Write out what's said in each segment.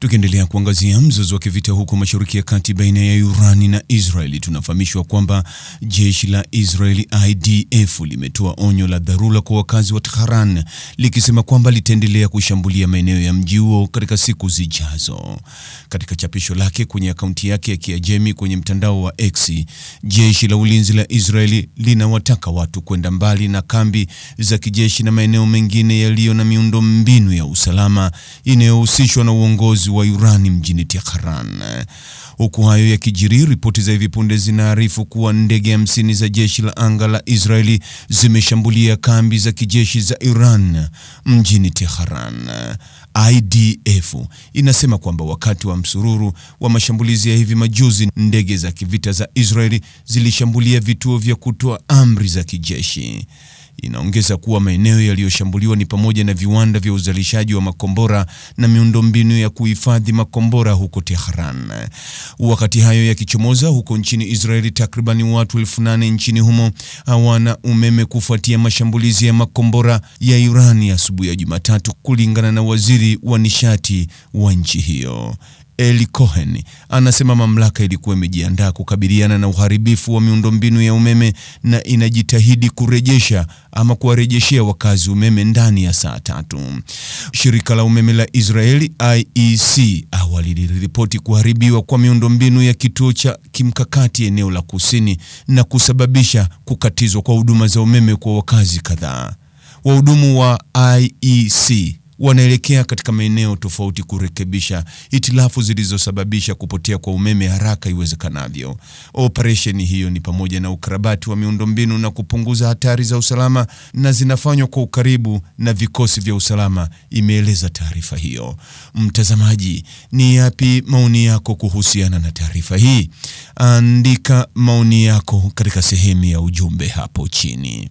Tukiendelea kuangazia mzozo wa kivita huko Mashariki ya Kati baina ya urani na Israeli, tunafahamishwa kwamba jeshi la Israeli IDF limetoa onyo la dharura kwa wakazi wa Tehran likisema kwamba litaendelea kushambulia maeneo ya mji huo katika siku zijazo. Katika chapisho lake kwenye akaunti yake ya Kiajemi kwenye mtandao wa X, jeshi la ulinzi la Israeli linawataka watu kwenda mbali na kambi za kijeshi na maeneo mengine yaliyo na miundo mbinu ya usalama inayohusishwa na uongozi uchimbuzi wa urani mjini Tehran. Huku hayo yakijiri, ripoti za hivi punde zinaarifu kuwa ndege hamsini za jeshi la anga la Israeli zimeshambulia kambi za kijeshi za Iran mjini Tehran. IDF inasema kwamba wakati wa msururu wa mashambulizi ya hivi majuzi, ndege za kivita za Israeli zilishambulia vituo vya kutoa amri za kijeshi. Inaongeza kuwa maeneo yaliyoshambuliwa ni pamoja na viwanda vya uzalishaji wa makombora na miundombinu ya kuhifadhi makombora huko Tehran. Wakati hayo yakichomoza huko nchini Israeli, takribani watu elfu nane nchini humo hawana umeme kufuatia mashambulizi ya makombora ya Irani asubuhi ya Jumatatu, kulingana na waziri wa nishati wa nchi hiyo. Eli Cohen anasema mamlaka ilikuwa imejiandaa kukabiliana na uharibifu wa miundombinu ya umeme na inajitahidi kurejesha ama kuwarejeshea wakazi umeme ndani ya saa tatu. Shirika la umeme la Israeli IEC awali liliripoti kuharibiwa kwa miundombinu ya kituo cha kimkakati eneo la kusini na kusababisha kukatizwa kwa huduma za umeme kwa wakazi kadhaa. Wahudumu wa IEC wanaelekea katika maeneo tofauti kurekebisha itilafu zilizosababisha kupotea kwa umeme haraka iwezekanavyo. Operesheni hiyo ni pamoja na ukarabati wa miundombinu na kupunguza hatari za usalama na zinafanywa kwa ukaribu na vikosi vya usalama, imeeleza taarifa hiyo. Mtazamaji, ni yapi maoni yako kuhusiana na taarifa hii? Andika maoni yako katika sehemu ya ujumbe hapo chini.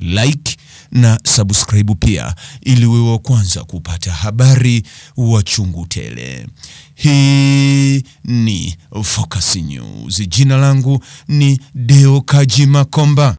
Like, na subscribe pia, ili wewe wa kwanza kupata habari wa chungu tele. Hii ni Focus News. Jina langu ni Deo Kaji Makomba.